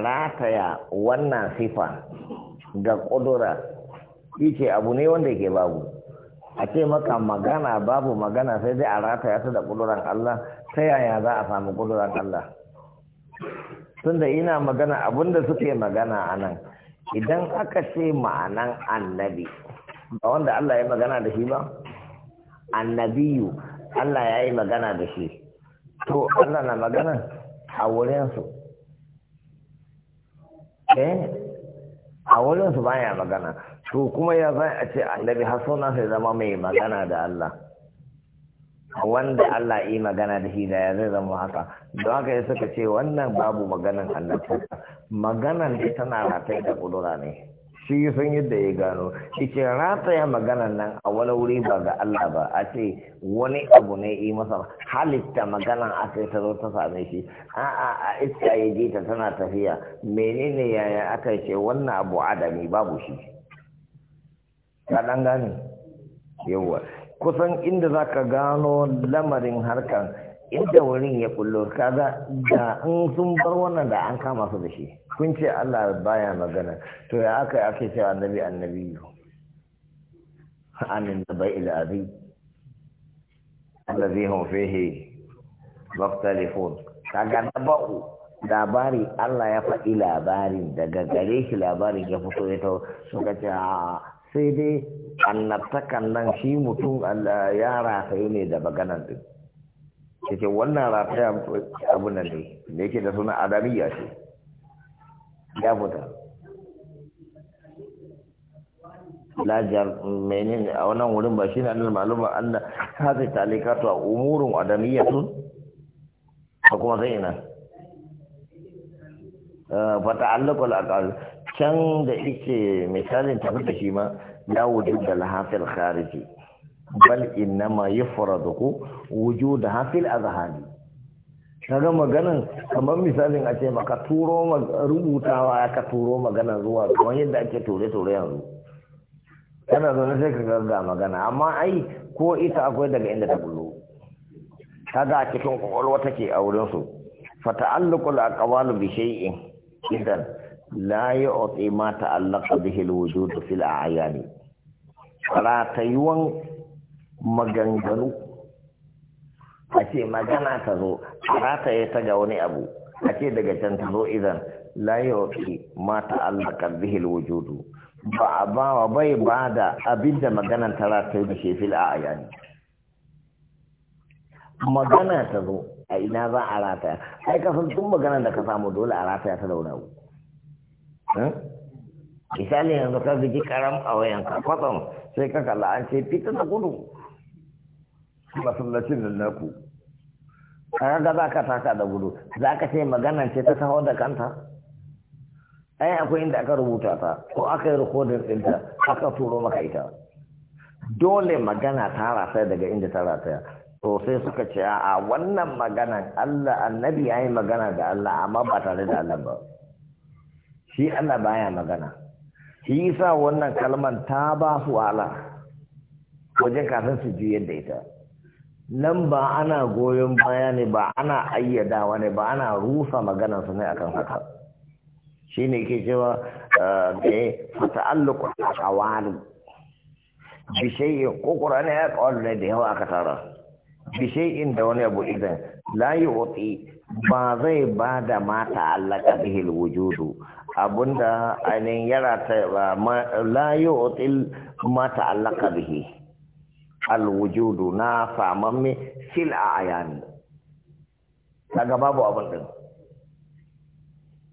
rataya wannan sifa ga ƙudura yake abu ne wanda yake babu a ce maka magana babu magana sai dai a rataya ta da kuduran Allah ta yaya za a samu kuduran Allah tunda ina magana abinda suke magana a nan idan aka ce ma'anan annabi ba wanda Allah ya magana da shi ba annabiyu Allah ya yi magana da shi to Allah na magana a wurinsu Eh? a wurin su baya magana to kuma ya za a ce annabi har suna sai zama mai magana da Allah wanda Allah yi magana da shi da ya zai zama haka don haka ya suka ce wannan babu maganan annabi maganan da tana ratai da kudura ne shi san yadda ya gano shi ce ya magana nan a wani wuri ba ga Allah ba a ce wani abu ne yi masa halitta magana a kai ta zo ta same shi a a a iska ya ji ta tana tafiya menene yaya aka ce wannan abu adami babu shi ka dan gane yawa kusan inda za ka gano lamarin harkan inda wurin ya kullo kaga da in sun bar wannan da an kama su da shi kun ce Allah baya magana to ya aka yi ake cewa annabi annabi anin da bai ilazi allazi hum fihi telefon. kaga na ba'u labari Allah ya faɗi labarin daga gare shi labarin ya fito ya tau suka ce sai dai annabtakan nan shi mutum Allah ya rataye ne da maganar din ce wannan rataya abin nan ne da yake da suna adamiya ce ya fita lajar menene a wannan wurin ba shi ne annal maluma anna hadhihi talikatu a adamiya sun a kuma zai ina eh, fata allakwal al-aqal can da ike misalin tafi da shi ma ya wujud da al khariji bal innama yufraduhu wujudaha fil azhani kaga maganan kamar misalin a ce maka turo rubutawa ka turo magana zuwa kamar yadda ake ture ture yanzu kana zaune sai ka ga magana amma ai ko ita akwai daga inda ta bullo kaga a cikin kwakwalwa take a wurin su fata'alluqul aqwalu bi shay'in idan la yu'ti ma ta'allaqa bihi al-wujud fil a'yani fala maganganu a ce magana ta zo a rataye ta ga wani abu a ce daga can ta zo idan layoki mata Allah kalbihil wujudu ba a bawa bai ba da abin da maganan ta yi da shefil a ayani magana ta zo a ina za a rataya ai kafin tun magana da ka samu dole a rataya ta dauna hu hmm? misali yanzu ka ji karam a wayanka kwatsam sai ka kalla an ce fita da gudu masallacin da naku kaga za ka taka da gudu za ka ce maganan ce ta taho da kanta ai akwai inda aka rubuta ta ko aka yi rikodin ɗinta aka turo maka ita dole magana ta rasa daga inda ta rasa to sai suka ce a wannan maganan Allah annabi ya yi magana da Allah amma ba tare da Allah ba shi Allah baya magana shi yasa wannan kalman ta ba su wahala wajen kafin su juyar da ita nan ba ana goyon baya ne ba ana ayyadawa ne ba ana rufa magana su ne akan haka shi ne ke cewa da eh, eh, ya fata'alluku a tsawari bishayin kokura ne ya kawar ne da yawa aka tara bishayin da wani abu idan layi otsi ba zai ba da mata allaka bihil wujudu abunda ainihin yara ta layi otsi mata allaka bihi alwujudu na samamme fil a ayani daga babu abin din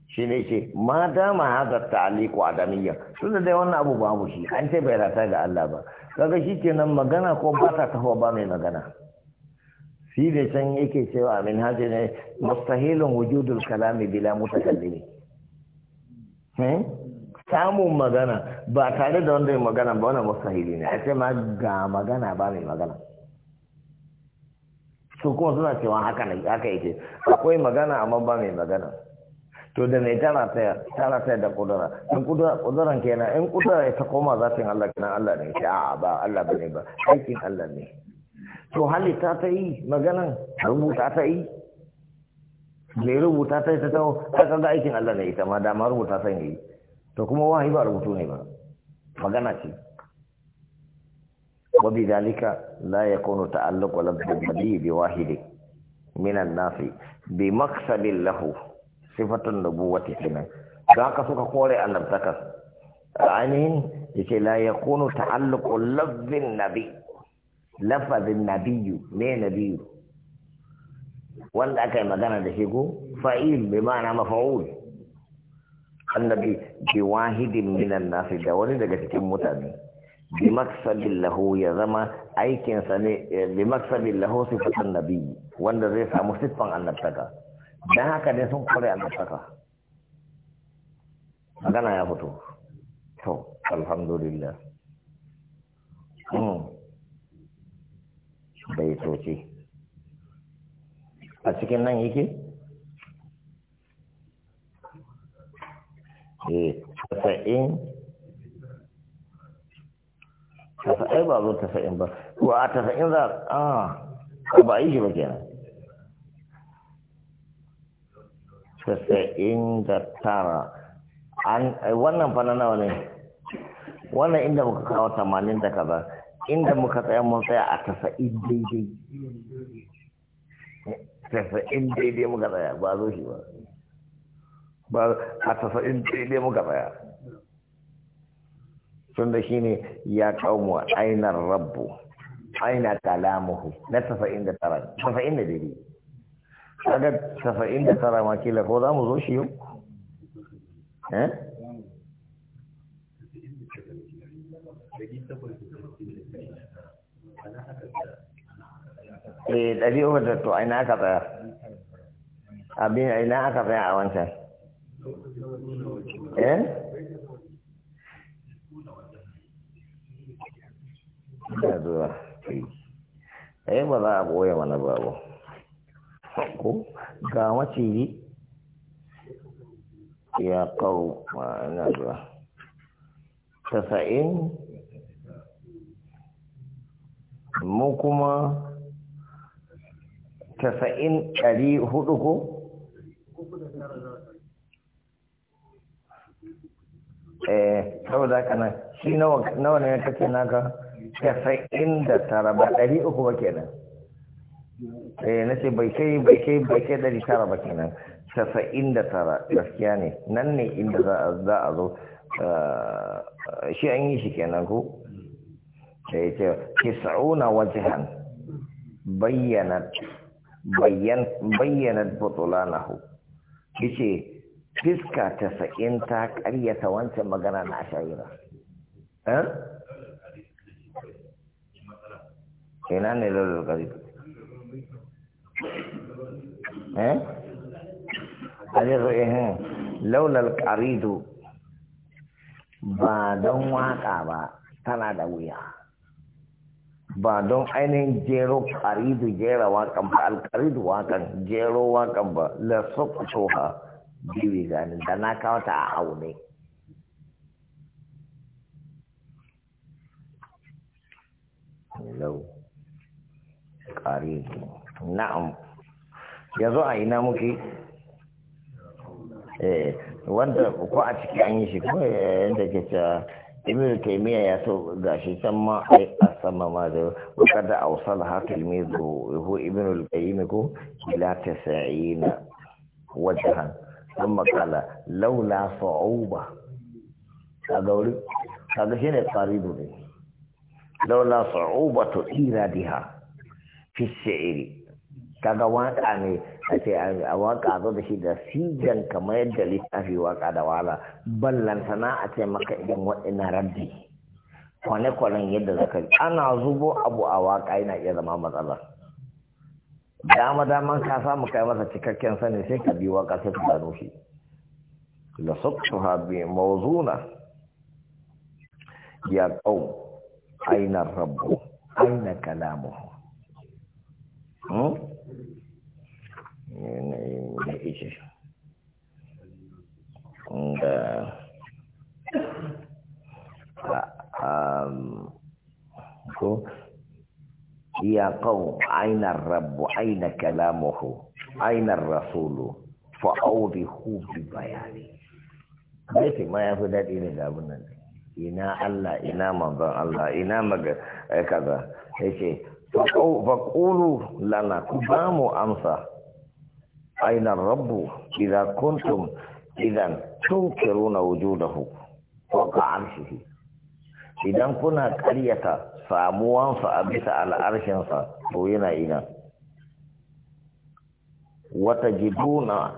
shi ne ce ma dama haka ta'aliku adamiyya sun da dai wannan abu babu shi an ce bai rata ga Allah ba kaga shi nan magana ko ba ta tafa ba mai magana shi ne can yake cewa min hajji ne mustahilun wujudul kalami bila mutakallimi hmm? samun magana ba tare da wanda yi magana ba wani mustahili ne a ce ma ga magana ba mai magana su kuma suna cewa haka ne haka yake akwai magana amma ba mai magana to da mai tana taya tana taya da kudura in kudura kuduran kenan in kudura ya ta koma yi Allah kenan Allah ne ke a ba Allah bane ba aikin Allah ne to hali ta yi maganan rubuta ta yi mai rubuta ta yi ta tawo ta kaga aikin Allah ne ita ma damar rubuta san yi to kuma wahayi ba rubutu ne ba magana ce wa bi zalika la yakunu ta'alluq wa labd bi wahidi min an-nas bi maqsadin lahu sifatun nubuwwati kina Da ka suka kore takas ainihin yace la yakunu ta'alluq lafzin nabi lafazin nabi me nabi wanda aka yi magana da shi ko fa'il bi ma'ana mafa'ul annabi bi wahidin minan nasi da wani daga cikin mutane bi maksabin lahu ya zama aikinsa ne eh, bi maksabin lahu fi annabi wanda zai samu siffan annabtaka don haka ne sun kore annabtaka magana ya fito to alhamdulillah hmm. bai toce a cikin nan yake Tasa'in, tasa'in tasa'ai ba zo tasa'in ba wa a tasa'in za a ba yi shi ba kenan tasa'in da tara an wannan fana na nawa ne wannan inda muka kawo tamanin da kaza inda muka tsaya mun tsaya a tasa'in daidai tasa'in daidai muka tsaya ba zo shi ba ba a tasa'in daidai muka tsaya sun da shi ne ya kawo ainar rabbu aina kalamuhu na tasa'in da tara tasa'in da daidai kaga tasa'in da tara ma kila ko za mu zo shi yau eh, eh ɗari uku da to aina aka tsaya abin aina aka tsaya a wancan eh da zuwa eh ba za a boye mana babu ko ga maciji ya kawo ma'ana zuwa tasa'in mu kuma tasa'in ɗari hudu ko? eh saboda nan shi nawa nawa ne kake naka casa'in da tara ba ɗari uku ba kenan eh na ce bai kai bai kai bai kai ɗari tara ba kenan casa'in da tara gaskiya ne nan ne inda za a zo eh, shi an yi shi kenan ko sai eh, ce tis'una wajhan bayyanat bayyana bayyanat butulanahu yace fiska ta tasa'in ta karyata wancan magana na shayira eh? ina ne da zargari eh alizu ihin eh, eh. laulal karidu ba don waka ba tana da wuya ba don ainihin jero karidu jera wakan ba alkaridu wakan jero wakan ba la sofa biyu zani da na kawata a aune na'am yanzu a ina muke eh, wanda ko a ciki an yi shi ko yadda eh, ke ya so gashi can ma ai a sama ma da kada awsal hakil ko don makala laula fa'uba kaga wuri kaga shi ne Faridu ne laula fa'uba to ira diha fi sha'iri kaga waka ne a ce a waka zo da shi da sijan kamar yadda littafi waka da wala ballan sana a ce maka idan waɗina rabbi kwane-kwanen yadda zaka ana zubo abu a waka yana iya zama matsala dama daman ka samu kai masa cikakken sani sai ka biwa kasar da nufi la sabtuha bi mawzuna ya qaum aina rabbu aina kalamuhu hmm ne ne ishe da ah, um ko ya qaum aina rabu, aina kalamuhu aina rasulu fa hufi, bayani sai ma ya fi dadi ne da abin nan ina Allah ina manzon Allah ina maga kaza yace fa qulu lana ku kubamu amsa aina rabu, idan kuntum idan tunkiruna wujudahu fawqa arshihi idan kuna karyata samuwansa a bisa al'arshinsa to yana ina wata jiduna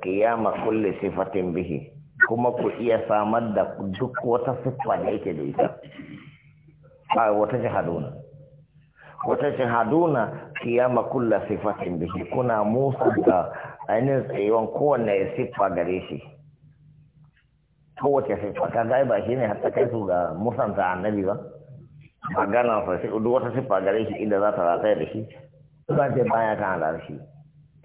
kiyama eh, kulle sifatin bihi kuma ku iya samar da duk wata siffa da yake da ita a wata jihaduna wata jihaduna kiyama kulle sifatin bihi kuna musa da ainihin tsayuwan kowanne siffa gare shi kowace siffa ka ga ba shi ne hatta kai su ga musanta annabi ba magana fa sai duk wata siffa gare shi inda za ta rataya da shi ba ce baya kan halar shi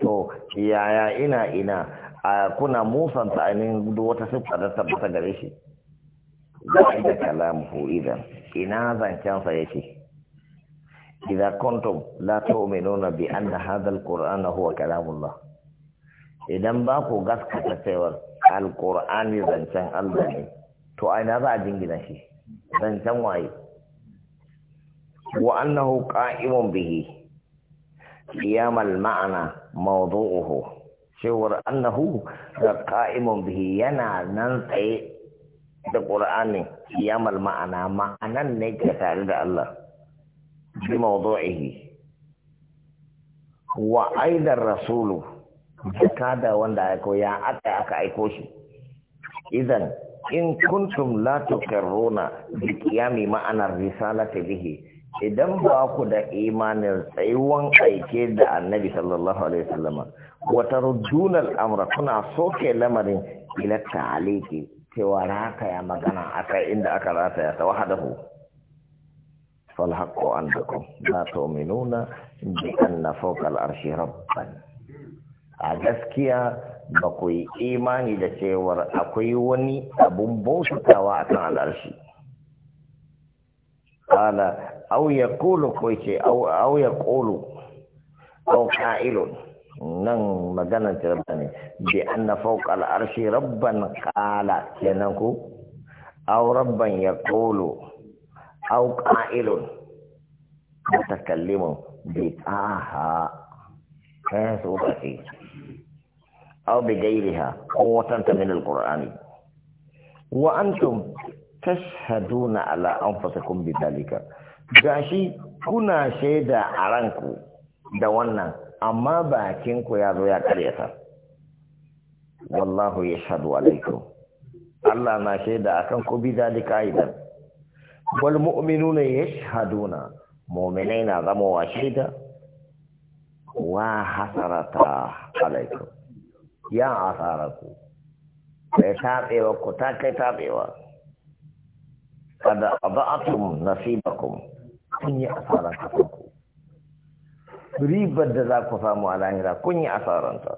to yaya ina ina a kuna musanta ainihin duk wata siffa da tabbata gare shi ba da kalamu idan ina zancensa yake إذا la لا تؤمنون بأن هذا القرآن qurana huwa kalamullah idan ba ku gaskata cewar alkur'ani zancen Allah ne to aina za a jingina shi zancen waye wa annahu qa'imun bihi qiyamal ma'ana mawdu'uhu cewar annahu da qa'imun bihi yana nan tsaye da qur'ani qiyamal ma'ana ma'anan ne ke tare da Allah bi mawdu'ihi wa aidar rasulu. da wanda ya aiko ya aka aka aiko shi idan in kuntum la tukarruna bi qiyami ma'anar risalati bihi idan ba ku da imanin tsayuwan aike da annabi sallallahu alaihi wasallama wa tarudduna al-amra kuna soke lamarin ila ta'aliki cewa raka ya magana akai inda aka rasa rataya ta wahadahu فالحق عندكم لا تؤمنون fawqa al-arshi ربا a gaskiya ba ku yi imani da cewar akwai wani abun bautawa a kan al'arshi ƙala au ya ƙulu ko ce au ya ƙulu au nan maganar jirba ne bi an na al'arshi rabban ƙala kenan ku au rabban ya ƙulu au ta mutakallimin bi ƙaha kayan su ba ce gairiha أو بغيرها قوة من القرآن وأنتم تشهدون على أنفسكم بذلك gashi kuna shaida aranku da wannan amma ku ya zo ya karyata wallahu ya alaykum alaikum Allah na shaida a kan kubi zalika idan wal mu'minuna yashhaduna mu'minai na wa shaida wa hasarata alaikum ya asara ku sai taɓewa ku ta kai taɓewa kada aba'atum nasibakum kun yi asara ku ribar da za ku samu a lahira kun yi asaranta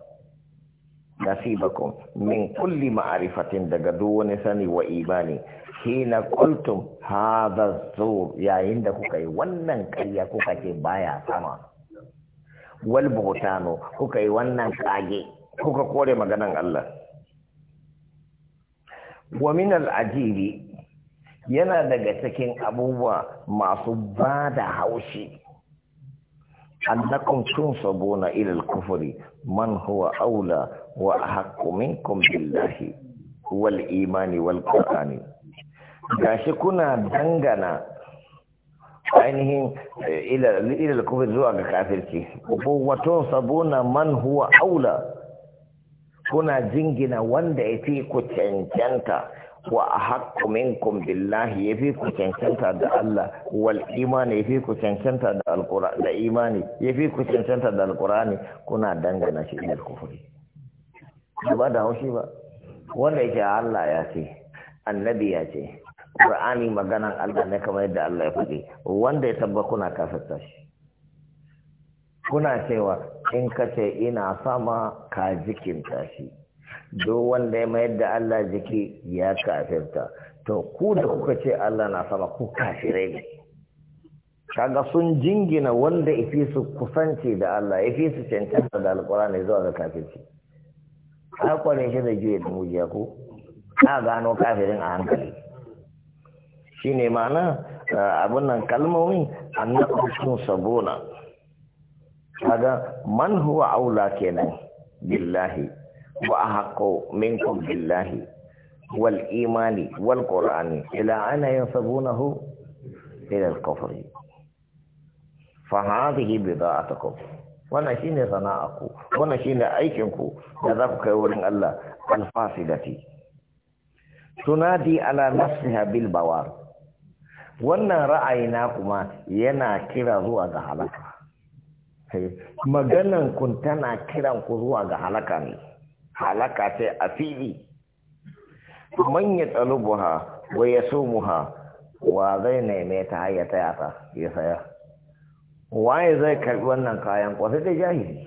nasibakum min kulli ma'arifatin daga duk wani sani wa imani hina qultum hadha zur yayin da kuka yi wannan ƙarya kuka ce baya sama wal buhtano kuka yi wannan kage kuka kore maganan Allah wa min al'ajibi yana daga cikin abubuwa masu ba da haushi annakum tunsabuna ila ilal kufuri man huwa aula wa ahaqqu minkum billahi wal imani wal qur'ani gashi kuna dangana ainihin ila ila al zuwa ga kafirci wa tunsabuna man huwa aula kuna jingina wanda ya fi ku cancanta wa a haƙƙu minkum billahi ya fi ku cancanta da Allah wal imani ya fi ku cancanta da alƙur'ani da imani ya fi ku cancanta da alƙur'ani kuna dangana shi da kufuri ba da haushi ba wanda yake Allah ya ce annabi ya ce Qur'ani maganan Allah ne kamar yadda Allah ya faɗi wanda ya tabba kuna kafirta shi kuna cewa in ka ce ina sama ka jikinta shi duk wanda ya mayar da Allah jiki ya kafirta to ku da kuka ce Allah na sama ku kafirai ne kaga sun jingina wanda ifi su kusanci da Allah ifi su cancanta da alkurani zuwa ga kafirci a shi da juya da mujiya ku? a gano kafirin a hankali shine ma'ana eh, abin nan kalmomin annabtun sabona kaga man huwa aula kenan billahi wa ahqqu minkum billahi wal imani wal qur'ani ila ana yansabunahu ila al kufri fa hadhihi bida'atukum wannan shine sana'aku wannan shine aikin ku da za ku kai wurin Allah al fasidati tunadi ala nafsiha bil bawar wannan ra'ayi na kuma yana kira zuwa ga halaka Eh, maganan kun tana kiran ku zuwa ga halaka ne halaka ce a fili man ya tsalubuha wa ya sumuha wa zai neme ta ya ta yasa, ya saya waye zai karbi wannan kayan kwasai da jahili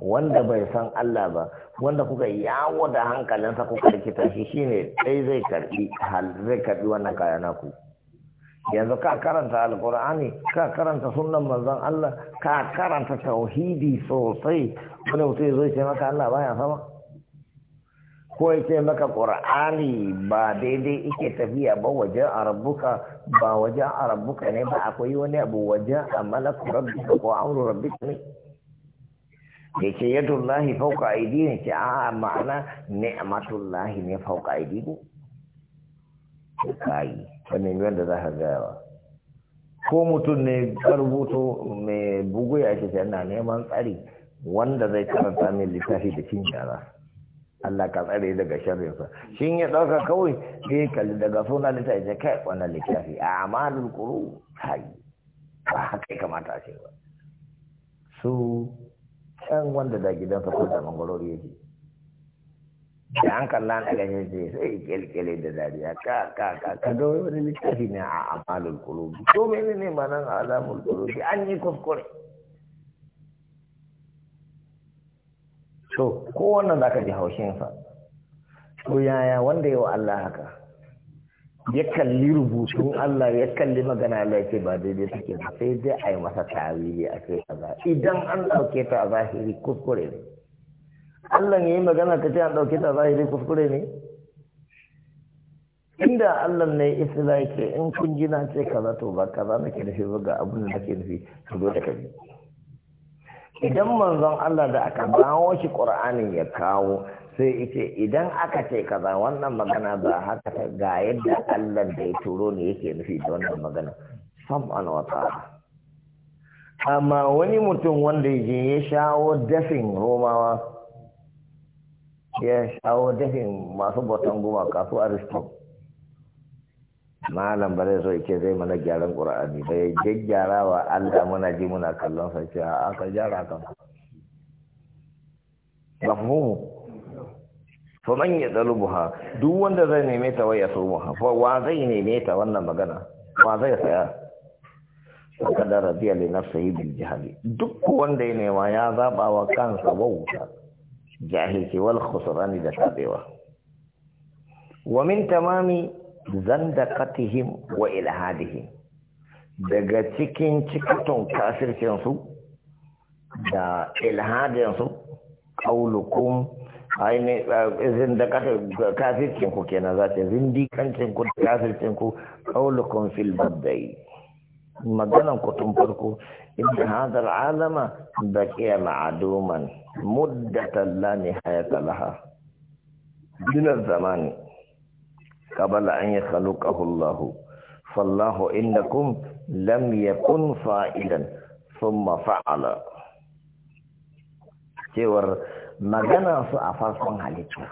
wanda bai san Allah ba wanda kuka yawo da hankalinsa kuka rikita shi shine dai zai karbi wannan kayan naku yanzu ka karanta alkur'ani ka karanta sunan manzon Allah ka karanta tauhidi sosai wani mutum ya zo ce maka Allah baya sama ko ya ce maka qur'ani ba daidai ike tafiya ba wajen arabuka ba wajen arabuka ne ba akwai wani abu wajen amalaku rabbika ko amru rabbika ne da ke yadullahi fauka aidi ne ce a ma'ana ni'matullahi ne fauka aidi ne kai wannan yiwuwar da za ka ba, ko mutum ne karbuto mai bugu ya ce yana neman tsari wanda zai karanta mai littafi da cin yara Allah ka tsare daga sharrinsa Shin ya ɗauka kawai sai kalli daga suna littafi ce kai wannan littafi a amalul kuru kai ba haka kamata a ce ba su can wanda da gidansa ko da mangwarori yake da an kalla na ganye ce sai kyalkyale da dariya ka ka ka ka da wani littafi ne a amalin kulubi to mene ne ma nan alamul kulubi an yi kuskure to wannan za ka ji sa to yaya wanda yawa Allah haka ya kalli rubutun Allah ya kalli magana Allah ya ce ba daidai suke ba sai dai a yi masa tarihi a kai kaza idan an ɗauke ta a zahiri kuskure ne Allah ya yi magana ta ce an ɗauki ta zahiri kuskure ne inda Allah ne isla yake in kun ji na ce kaza to ba kaza nake nufi ba ga abin da nake nufi su zo ka bi idan manzon Allah da aka bawo shi ƙur'anin ya kawo sai yace idan aka ce kaza wannan magana ba haka ta ga yadda Allah da ya turo ne yake nufi da wannan magana sam an wata. amma wani mutum wanda ya je ya shawo dafin Romawa ya shawo dafin masu botan goma kasu aristo malam ba zai so ke zai mana gyaran ƙura'ani ba ya gyaggyara wa allah muna ji muna kallon sa ce a aka gyara kan ba to fa man ya buha duk wanda zai neme ta waya so ha, fa wa zai neme ta wannan magana wa zai saya kada rabiya li nafsihi bil jahili duk wanda ya nema ya zaba wa kansa wauta jahilci wal khusrani da tabewa wa min tamami zandaqatihim wa ilhadihim daga cikin cikaton kafircin su da ilhadin su qaulukum aini eh, zindaqatu kafircin ku kenan zata zindikancin ku kafircin ku qaulukum fil badai maganan kutun farko inda hadar alama da ke ma'aduman muddatan la nihayata laha dinar zamani qabala an yakhluqahu Allah fallahu innakum lam kun fa'ilan thumma fa'ala cewar magana su a farkon halittu.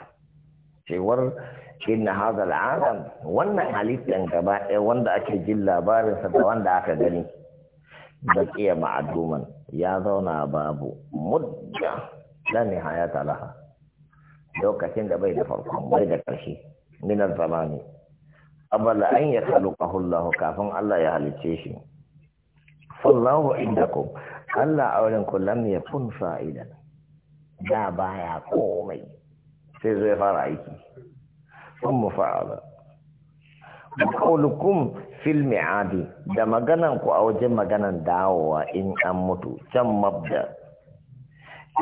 cewar inna hadha al'alam wannan halittan gaba ɗaya wanda ake jin labarinsa da wanda aka gani baqiya ma'duman ya zauna babu mudda la nihayata laha lokacin da bai da farko bai da ƙarshe min zamani abala an ya khaluqahu Allah kafin Allah ya halice shi fallahu indakum Allah a wurin ku ya yakun fa'idan da baya komai sai zai fara aiki sun da kaulukum fil mi'adi da maganan ku a wajen maganan dawowa in an mutu can mabda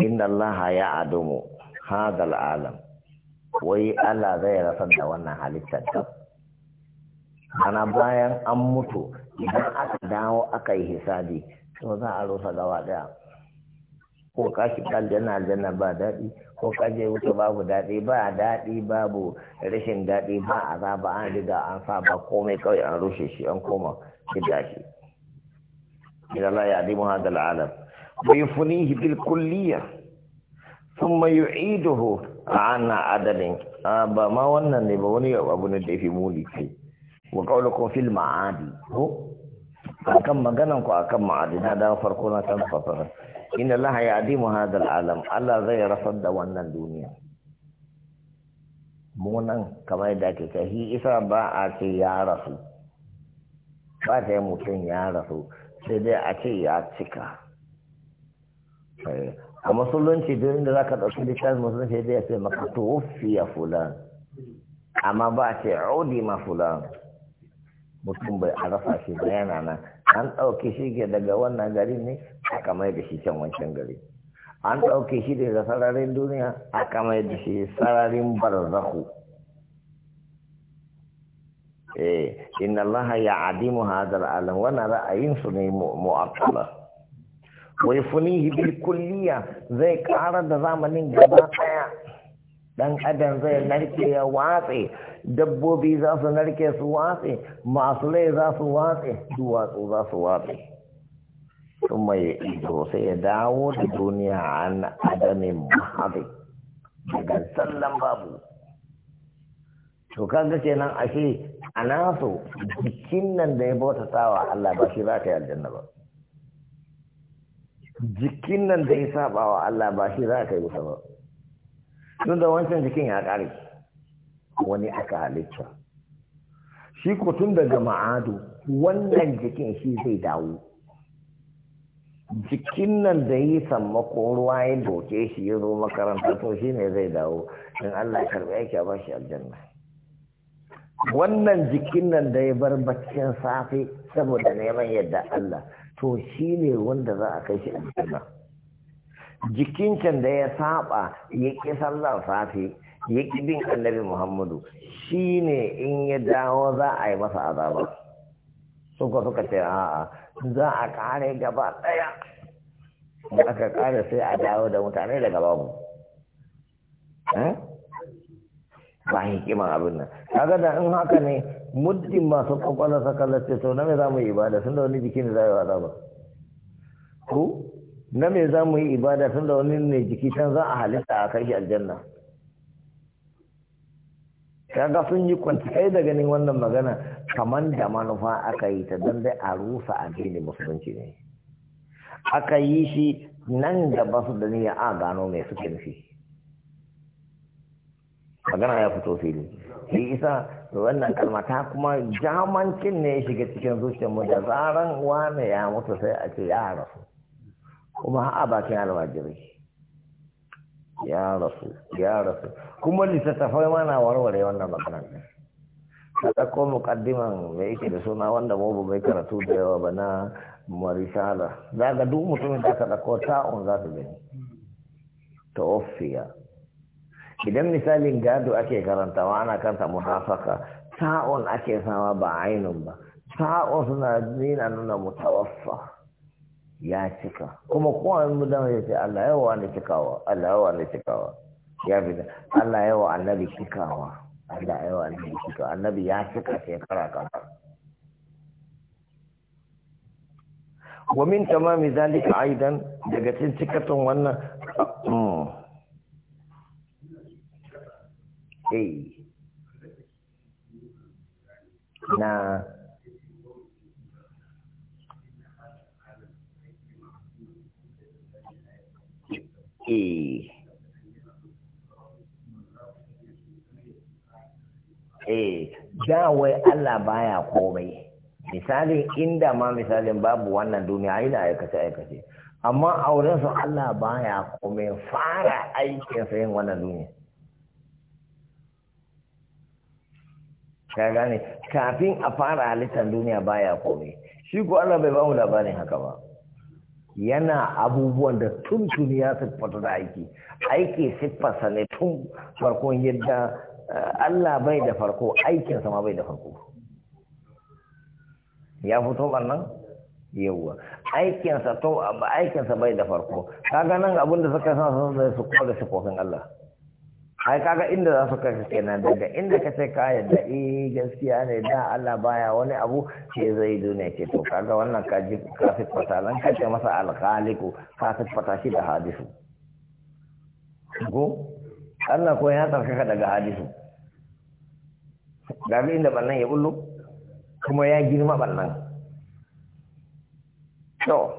inna allaha ya adumu hadal alam wai Allah zai rasa da wannan halittar ta ana bayan an mutu idan aka dawo aka yi hisabi to za a rusa gaba daya ko ka shiga aljanna aljanna ba daɗi ko ka je wuta babu daɗi ba daɗi babu rashin daɗi ba azaba an riga an sa ba komai kawai an rushe shi an koma gida shi ila la ya'dimu hadha al'alam wa yufunihi bil kulliya thumma yu'iduhu ana adalin ba ma wannan ne ba wani abu ne da yafi muli ce wa qawlukum fil ma'adi ko akan maganan ku akan ma'adina da farko na san fasara inna allaha ya'dimu hadal alam Allah zai rasar da wannan duniya munan kamar da ake kai hi isa ba a ce ya rasu ba ta yi mutum ya rasu sai dai a ce ya cika eh, a musulunci duk da za ka ɗauki littafin musulunci a ce maka tuwufiya fulan amma ba a ce audi ma fulan mutum bai a rasa shi ba an ɗauke shi ke daga wannan gari ne aka mai da shi can wancan gari an ɗauke shi daga sararin duniya aka mai da shi sararin barzahu eh inna allaha ya adimu hadar alam Wannan ra'ayin su ne mu'attala wa funihi bil kulliya zai ƙara da zamanin gaba dan adam zai narke ya watse dabbobi za su narke su watse masu lai za su watse duwatsu za su watse sun ya ido sai ya dawo da duniya an adamin mahadi daga sallan babu to kaga kenan ashe a nasu jikin nan da ya bauta wa Allah ba shi za ta yi aljanna ba jikin nan da ya saba wa Allah ba shi za ka yi wuta ba tun da wancan jikin ya ƙare wani aka halitta shi ko tun daga ma'adu wannan jikin shi zai dawo jikin nan da yi sammako ruwa ya doke shi ya zo makaranta to shi ne zai dawo in Allah ya karɓi aiki ba shi aljanna wannan jikin nan da ya bar baccin safe saboda neman yadda Allah to shi ne wanda za a kai shi aljanna jikin can da ya saba ya ƙi sallar safe ya ƙi bin annabi muhammadu shi ne in ya dawo za a yi masa azaba suka suka ce a'a za a kare gaba ɗaya da aka kare sai a dawo da mutane daga babu eh? ba hikimar abin nan kaga da in haka ne muddin masu kwakwalwa sakalar ce sau na mai za mu yi ba da sun da wani jiki ne za a yi azaba ko na me za mu yi ibada tun da wani ne jiki can za a halitta a kai shi aljanna kaga sun yi kwanci kai da ganin wannan magana kamar da manufa aka yi ta don dai a rusa addini musulunci ne aka yi shi nan ba su da niyya a gano mai suke nufi magana ya fito fili shi isa wannan kalma ta kuma jamancin ne ya shiga cikin zuciyar mu da zaran wane ya mutu sai a ce ya rasu kuma a bakin almajirai ya rasu ya rasu kuma littattafai mana warware wannan ne ta ɗauko mukaddiman da yake da suna wanda mu mai karatu da yawa ba na marisala za ga duk mutumin da aka ɗauko ta'un za su gani ta ofiya idan misalin gado ake karantawa ana kanta muhafaka ta'un ake sama ba ainihin ba ta'un suna nuna nuna mutawaffa ya cika kuma kowane mudan ya ce Allah yawa wanda cikawa Allah yawa wanda cikawa ya fi Allah yawa annabi cikawa Allah yawa annabi cikawa annabi ya cika shekara kaza wa min tamami zalika aidan daga cikin cikatun wannan hmm. eh na eh eh da wai Allah baya komai misalin inda ma misalin babu wannan duniya ai da aikace aikace amma auren su Allah baya komai fara aikin sa yin wannan duniya ka gane kafin a fara halittar duniya baya komai shi ko Allah bai ba mu labarin haka ba yana abubuwan da tun tuntuni ya siffatu da aiki aiki siffarsa ne tun farkon yadda eh, Allah bai da farko aikinsa ma bai da farko ya fito wannan yawwa aikinsa to aikinsa bai da farko kaga nan abin da suka san su da su kwada da sifofin Allah ai kaga inda za su kashe kenan daga inda ka sai ka yadda eh gaskiya ne da Allah baya wani abu ce zai duniya ke to kaga wannan ka ji ka fitfata nan ka ce masa alkhaliku ka fitfata shi da hadisu go Allah ko ya ka daga hadisu ga inda ballan ya bullo kuma ya girma ballan to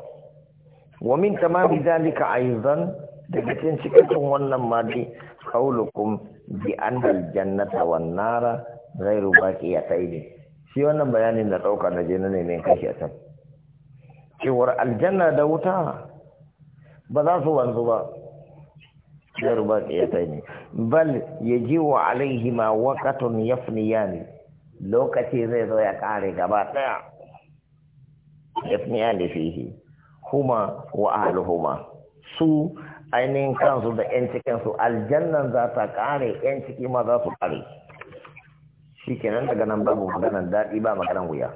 wa min tamami zalika aidan daga cikin cikakken wannan madi kaulukum bi annal jannata wan nara ghairu baqiyatayn shi wannan bayanin da dauka na je na ne kashi a can cewar aljanna da wuta ba za su wanzu ba ghairu baqiyatayn bal yajiu alaihima waqatun yafniyani lokaci zai zo ya kare gaba daya yafniyani fihi huma wa ahluhuma su ainihin kansu da 'yan cikinsu aljannan za ta kare 'yan ciki ma za su kare shi kenan daga nan babu maganan daɗi ba maganan wuya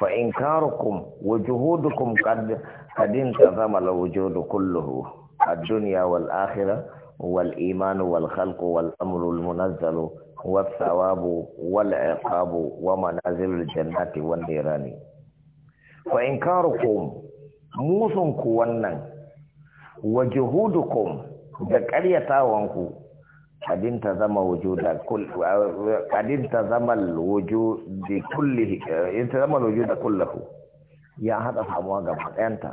fa in karukum wujuhudukum juhudukum kadin ta zama la wujudu kulluhu ad-dunya wal akhirah wal iman wal khalq wal amru al munazzal wal thawab wal iqab wa manazil al jannati wan nirani fa in karukum musun ku wannan wa juhudukum da ƙaryatawanku kadin ta zama wujuda kadin ta zama wujudi kullihi eh, in ta zama wujuda kullahu ya hada samuwa ga ɗayanta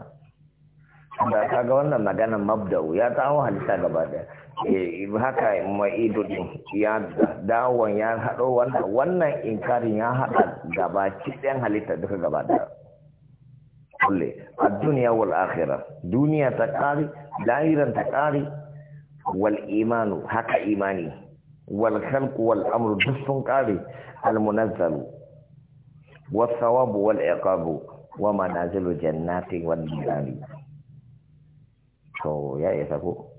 da kaga wannan maganar mabda'u ya hawa halitta gaba da eh, haka ido din ya dawon ya hado wannan wannan inkarin ya hada gaba cikin halitta duka gaba da kulle a duniya wal akhirah duniya ta kari lahiran ta kari wal imanu haka imani wal khalqu wal amru duk sun al munazzalu was thawabu wal iqabu wa manazilu jannati wan nari to ya isa ko